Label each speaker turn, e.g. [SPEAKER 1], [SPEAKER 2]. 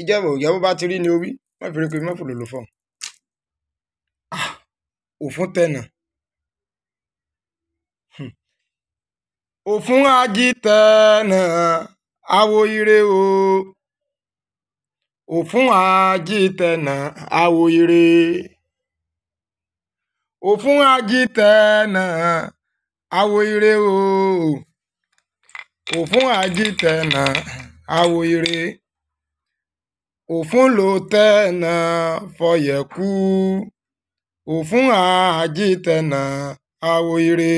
[SPEAKER 1] ìjọba òjọba bá ti rí ni orí wọn fi rí pé mọ́fò ló lò fọ́ òfun tẹ̀nà hmm. òfun ají tẹ̀nà awo ire o òfun ají tẹ̀nà awo ire òfun ají tẹ̀nà awo ire o òfun ají tẹ̀nà awo ire. òfún ló tẹ̀nà fọyẹ̀kú òfún àájì tẹ̀nà àwò ire.